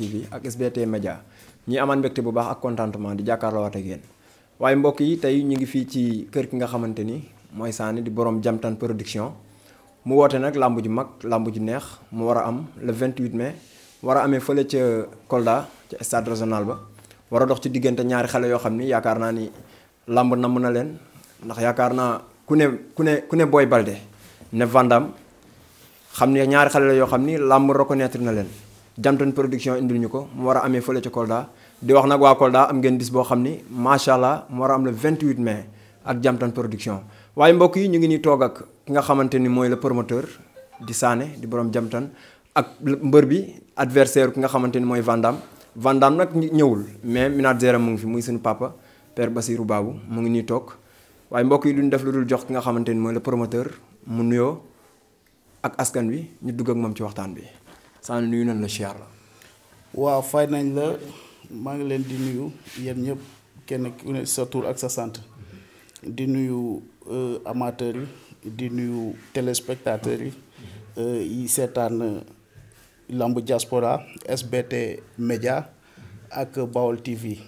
TV ak SBT Média ñi amaan mbégte bu baax ak contentement di jàkkaarloo waat ak yéen waaye mbokk yi tey ñu ngi fii ci kër ki nga xamante ni mooy Sané di borom Jamtan production mu woote nag làmb ju mag làmb ju neex mu war a am le 28 mai war a amee fële ca Kolda ca stade régional ba war a dox ci diggante ñaari xale yoo xam ni yaakaar naa ni làmb namm na leen ndax yaakaar naa ku ne ku ne ku ne booy balde ne Vandam xam ne ñaari xale la yoo xam ni làmb na leen Jamton production indil ñu ko mu war a amee fële ca Kolda di wax nag waa Kolda am ngeen bis boo xam ni macha allah mu war a am le mais ak Jamton production waaye mbokk yi ñu ngi nii toog ak ki nga xamante ni mooy le promoteur di Sané di borom Jamton ak mbër bi adversaire ki nga xamante ni mooy Vandam Vandam nag ñëwul mais manager am mu ngi fi muy suñu papa père Basirou Babou mu ngi nii toog waaye mbokk yi duñ def lu dul jox ki nga xamante ni mooy le promoteur mu nuyoo ak askan wi ñu dugg ak moom ci waxtaan bi. sànni nuyu nañ la siyaar la. waaw fay nañ la maa ngi leen di nuyu yéen ñëpp kenn ku sa tur ak sa sant di nuyu euh, amateurs yi di nuyu téléspectateurs yi euh, yi seetaan euh, lamb diaspora SBT Média ak Bawol TV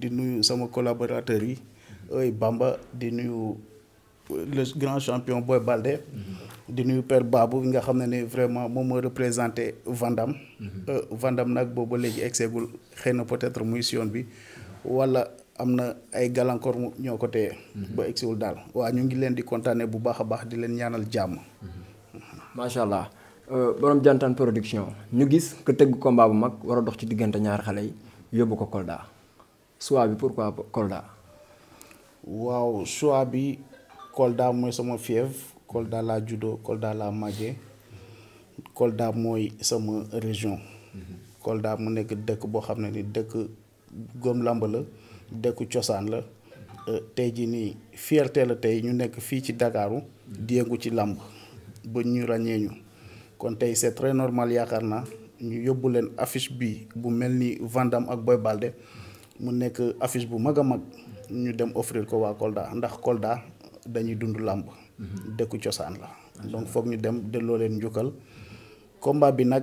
di nuyu sama collaborateurs yi Bamba di nuyu. le grand champion Boy Baldé. Mm-hmm. di nuyu père Babou nga xam ne ni vraiment moom moo représenté Vandam. Mm-hmm. Euh, Vandam nag boobu léegi egseegul xëy na peut-être muy si yoon bi wala am na ay gàllankoor ñoo ko téye. Mm-hmm. ba egsiwul daal waa ñu ngi leen di kontaanee bu baax a baax di leen ñaanal jàmm. macha allah euh, borom jantan production ñu gis ko tëgg combat bu mag war a dox ci diggante ñaar xale yi yóbbu ko Kolda choix bi pourquoi Kolda. waaw choix bi. Kolda mooy sama fief Kolda la juddoo Kolda la màggee Kolda mooy sama région Kolda mu nekk dëkk boo xam ne ni dëkk góom làmb la dëkku cosaan la euh, tey jii nii fierte la tey ñu nekk fii ci Ndakaaru di ci làmb ba ñu ràññeeñu kon tey c'est très normal yaakaar naa ñu yóbbu leen affiche bi bu mel ni Vandam ak Boy Balde mu nekk affiche bu mag a mag ñu dem offrir ko waa Kolda ndax Kolda dañuy dund làmb mhm. dëkku cosaan la donc foog ñu dem delloo leen njukkal combat bi nag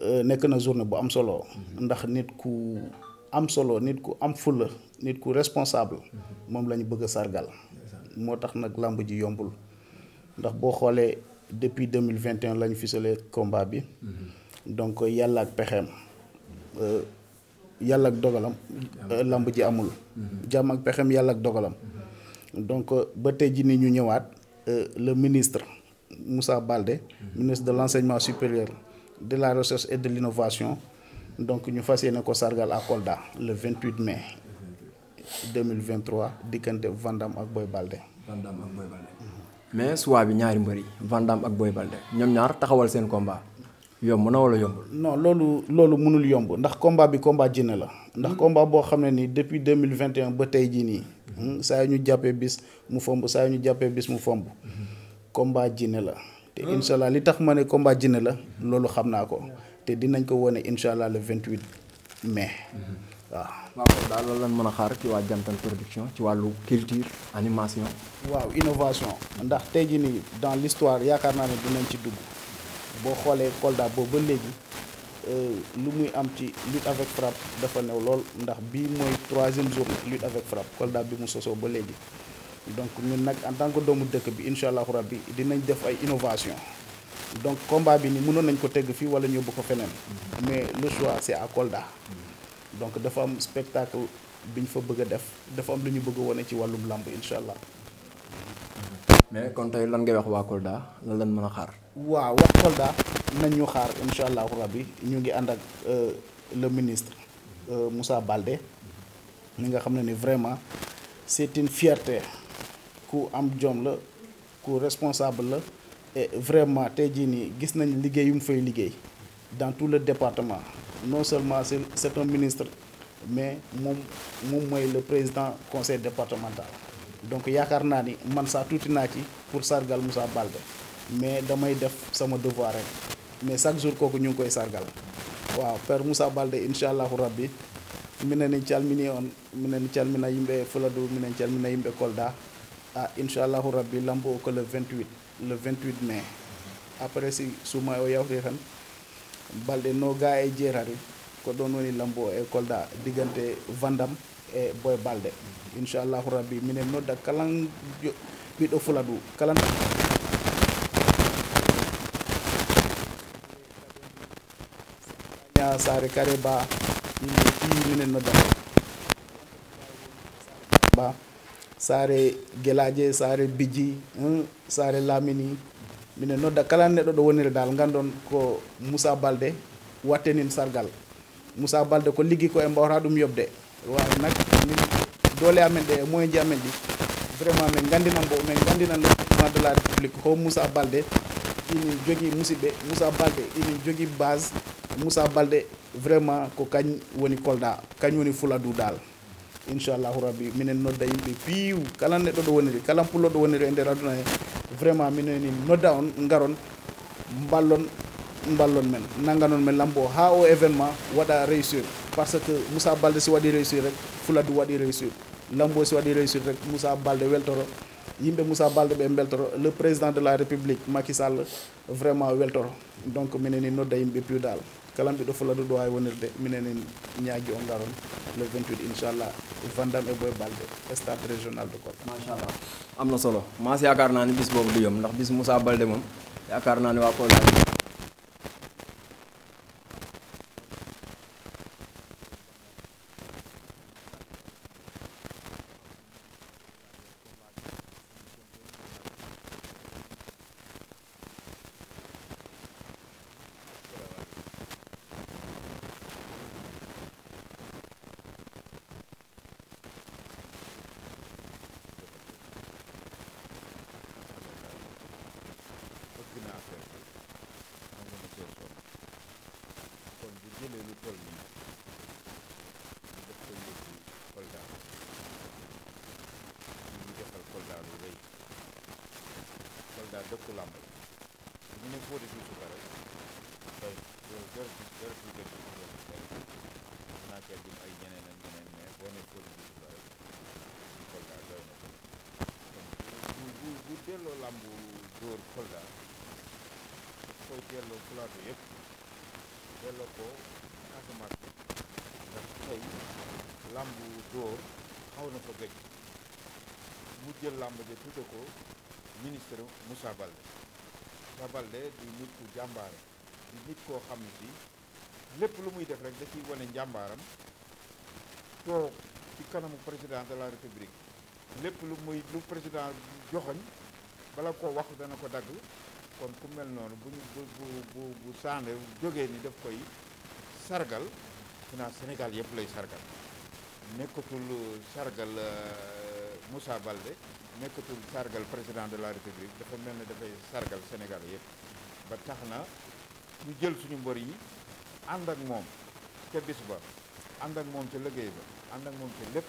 euh, nekk na journée bu am solo mhm. ndax nit ku am solo nit ku am fulla nit ku responsable mhm. moom la ñu bëgg a sargal moo tax nag làmb ji yombul ndax boo xoolee depuis mille 2021 la ñu ficelé combat bi donc yàlla ak pexeem euh, yàlla ak dogalam euh, làmb ji amul jàmm ak pexeem yàlla ak dogalam donc euh, ba tey jii ni ñu ñëwaat euh, le ministre Moussa balde ministre de l'enseignement supérieur de la recherche et de l'innovation donc ñu fas yéene ko sargal à Kolda le 28 mai 2023 diggante Vandam ak Boy Baldé. Vandam ak Boy Baldé. mais suwaa bi ñaari mbër yi Vandam ak Boy Baldé ñoom ñaar taxawal seen combat. yomb na wala yombul. non loolu loolu mënul yomb ndax komba bi combat jinne la. ndax mm-hmm. combat boo xam ne nii depuis deux mille vingt et ba tey jii nii. Mm-hmm. Hmm, saa yu ñu jàppee bis mu fomb saa yu ñu jàppee bis mu fomb. Mm-hmm. combat jinne la. te incha li tax ma ne combat jinne la loolu xam naa ko te dinañ ko wane incha allah le vingt huit mais waaw waaw kon daal loolu lañ mën a xaar ci waa Jamtal production ci wàllu culture animation. waaw innovation. ndax tey jii nii dans l'histoire yaakaar naa ne dinañ ci dugg. boo xoolee Kolda boobu ba léegi euh, lu muy am ci lutte avec frappe dafa new lool ndax bii mooy troisième journée lutte avec frappe Kolda bi mu sosoo ba léegi donc ñun nag en tant que doomu dëkk bi incha allahu bi dinañ def ay innovation donc combat bi ni mënoon nañ ko tegg fii wala ñëw bu ko feneen mais le choix c'est à Kolda donc dafa am spectacle bi ñu fa bëgg a def dafa am lu ñu bëgg a ci wàllum làmb incha allah mais konte tey lan ngay wax waa Kolda lan lañ mën a xaar. waaw wax Kolda nañ ñu xaar incha allahu rabbi ñu ngi ànd ak euh, le ministre euh, Moussa balde ni nga xam ne ni vraiment c'est une fierté ku am jom la ku responsable la et vraiment tey jii nii gis nañ liggéey yu mu fay liggéey dans tout le département non seulement c'est c'est un ministre mais moom moom mooy le président conseil départemental. donc yaakaar naa ni man saa tuuti naa ci pour sargal Moussa Baldé mais damay def sama devoir rek mais chaque jour kooku ñu ngi koy sargal waaw père Moussa Baldé incha allahu rabbi minen en calmini on minen calmina yimɓe fuladou minen calmina yimɓe kolda ha ah, inchallahu rabbi lambo ko le 28 le 28 mai après si suma o yawti tan balɗe no ga e jeetati ko ɗon woni lambo e kolda diggante vandam e boy balɗe inchallahu rabbi minen nodda kala ɓiɗɗo fula du kala sare kare ba yimɓe mm, fi minen nodda ba sare guelaje sare bidji mm, sare lamini minen nodda kala neɗɗo ɗo ko moussa balde wattenin sargal moussa balde ko liggi ko e mbawata ɗum yobde waawi nag min doole amen ɗe e ji amen ɗi vraiment min gandinan mbo min gandinan le président de la république balde inin jogui musidɓe moussa balde inin jogui base moussa balde vraiment ko kañ woni kolda kañ woni fuladou dal inchallahu rabbi minen nodda yimɓe piiw kala neɗɗo ɗo woniri kala pulloɗo woniri e nder aduna vraiment mineni nodda on garon mballon mballon men nagganon men lambo ha o événement waɗa réussir parce que Moussa Balde si waɗi réussir rek Fuladu waɗi réussir Lambo si waɗi réussir rek Moussa Balde weltoro yimɓe Moussa Balde ɓe beltoro le président de la république Macky Sall vraiment weltoro donc minen nodda yimɓe piwdal kala mbiɗo fuladu ɗo wawi wonirde minen ñaagui o garon le 28 inchallah vandam e boye balde stade régional de Kolda machallah am na solo mas yaakaar naa ni bis boobu du yom ndax bis Moussa Balde moom yaakaar naa ni waa jëlee lu toll nii ñu def ko yóbbu Kolda ñu defal dëkku làmb ñu ne Fodé Doussou Ka rek tey loolu ay ñeneen ak ñeneen mais boo ne Fodé Doussou Ka rek bu bu bu delloo làmbu dóor Kolda daf koy delloo plateau yëpp. delloo ko Casamance ndax tey làmbu dóor xaw na ko gëj mu jël làmb ja tudde ko ministre Moussa Baldé Moussa Baldé di nit ku jàmbaare di nit koo xam ne si lépp lu muy def rek da ciy wane njàmbaaram toog ci kanamu président de la république lépp lu muy lu président joxoñ bala koo wax dana ko dagg kon ku mel noonu bu ñu bu bu bu saande jógee ni daf koy sargal naa Sénégal yëpp lay sargal nekkatul sargal euh, Moussa Baldé nekkatul sargal président de la République dafa mel ne dafay sargal Sénégal yëpp ba tax na ñu jël suñu mbër yi ànd ak moom ca bis ba ànd ak moom ca liggéey ba ànd ak moom ca lépp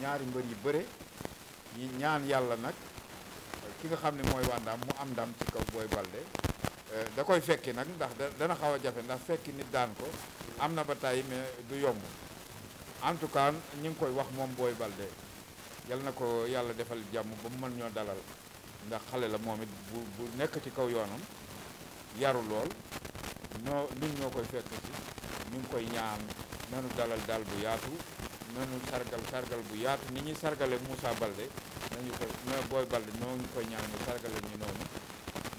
ñaari mbër yi bëre ñaan yàlla nag ki nga xam ne mooy waa mu am ndam ci kaw Boy Balde euh, da koy fekki nag ndax dana xaw a jafe ndax fekki nit daan ko am na ba tey mais du yomb en tout cas ñu ngi koy wax moom booy Balde yal na ko yàlla defal jàmm ba mu mën ñoo dalal ndax xale la moom it bu bu nekk ci kaw yoonam yaru lool ñoo ñun ñoo koy fekk si ñu ngi koy ñaan nanu dalal dal bu yaatu nanu sargal sargal bu yaatu ni ñuy sargale Moussa Balde nañu ko na Boy Baldé ñoo ngi koy ñaan ñu sargal la ñu noonu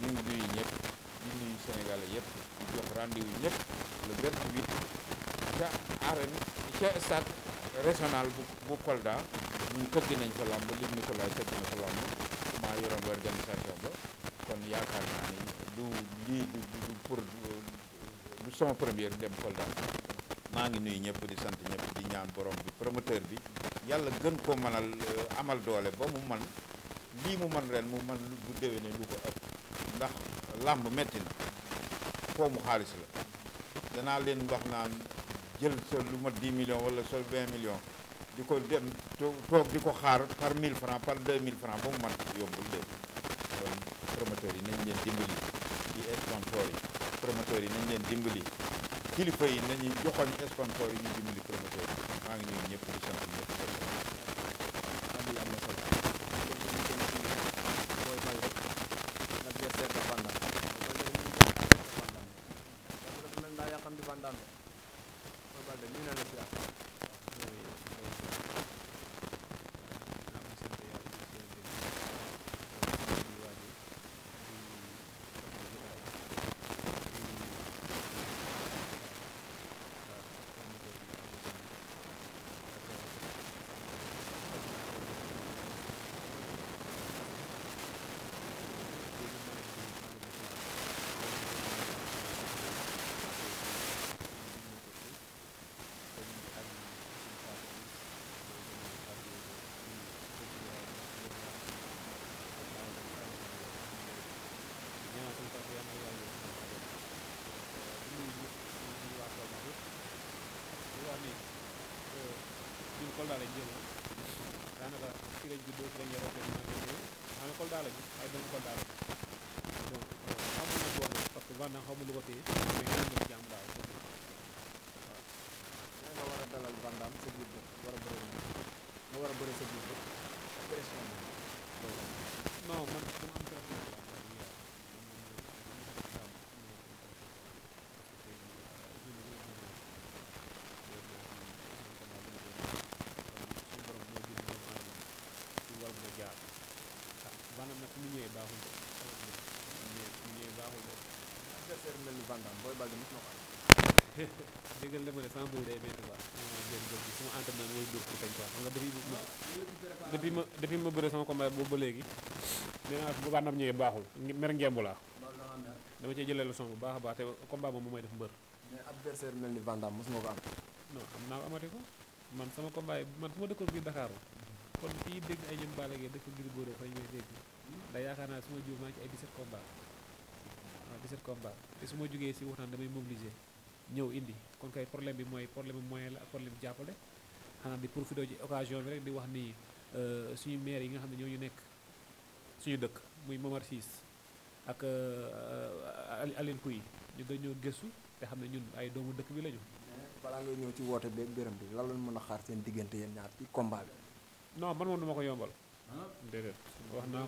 ñu ngi nuyu ñëpp ñu nuyu Sénégal yëpp di jox rendez-vous ñëpp le ca arène ca stade régional bu bu Kolda ñu tëgg nañ fa làmb li Nicolas tëgg na fa làmb maa yoroon organisation ba kon yaakaar naa ni du du du pour du sama première dem Kolda maa ngi nuyu ñëpp di sant ñëpp di ñaan borom bi promoteur bi yàlla gën ko mënal euh, amal doole ba mu man lii mu man ren mu man bu déwénee lu ko ëpp ndax làmb metti na foomu xaalis la danaa leen wax naan jël sa lu mat 10 millions wala sol 20 million di ko dem toog di ko xaar par mille francs par mille francs ba mu man yombul de loolu promoteurs yi nañ leen dimbali di sponsor yi promoteurs yi nañ leen dimbali kilifa yi nañuy joxoñ sponsor yi ñu dimbali promoteur maa ngi nuyu ñëpp di sant ñëpp lañ jëloon daanaka fi lañ juddoo fi lañ yaroo fi lañ màggee xam nga Kolda la ñu ay doomu Kolda la ñu donc xamul nag woon parce que Vandam lu ko téye mais ñaan nañu jàmm daal waaw. nga war a dalal Vandam sa biir dëkk war a bëri nga war a bëri sa biir dëkk pression man. kontaan booy bàgg mos na ko am. déggal dafa ne sama bëri day métti quoi. sama entraîneur mooy dóor pour kañ quoi xam nga depuis depuis ma depuis ma bëre sama combat boobu ba léegi nee naa bu baax nam ñëwee baaxul mer ngembu laa dama cee jëlee leçon bu baax a baax te combat moom may def mbër. mais adversaire mel ni Vandam mos nga ko am. non xam naa ko amati ko man sama combat yi man bu ma dëkkoon biir Dakar kon fii dégg ay ñoom Balla Gaye dëkk Gris Bordeaux fa ñuy dégg ndax yaakaar naa suma ma jiw maa ngi ci ay 17 combat waaw 17 combats te su ma jógee si wax damay mobiliser ñëw indi kon kay problème bi mooy problème moyen la ak problème jàppale xanaa di profité ci occasion bi rek di wax nii ni euh, suñu maire yi nga xam ne ñoo ñu nekk suñu dëkk muy Momar Cisse ak euh, Aline Pouy ñu dañoo gëstu te xam ne ñun ay doomu dëkk bi lañu. balaa ngay ñëw ci woote beeg gërëm bi lan lañ mën a xaar seen diggante yéen ñaar ci combat no non man moom du ma ko yombal. déedéet wax naa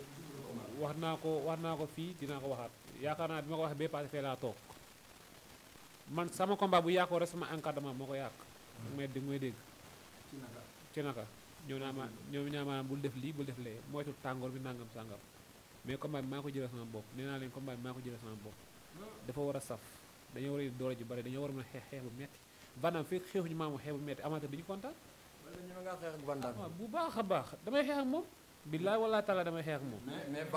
wax naa ko wax naa ko fii dinaa ko waxaat yaakaar naa bi ma ko waxee bee passé fee laa toog man sama combat bu yàqoo rek sama encadrement moo ko yàq. may dégg may dégg. ci naka ci naa ma ñëw naa maanaam bul lii bul def lee moytu tàngoor bi nangam sàngam mais combat maa ko jëlee sama bopp nee naa leen combat bi ko jëlee sama bopp. dafa war a saf dañoo war a doole ji dañoo war a mën a xeex xeex bu metti Vandam fekk ah, bu baax a baax damay xeex ak moom. billaay wala taala damay xeex moom.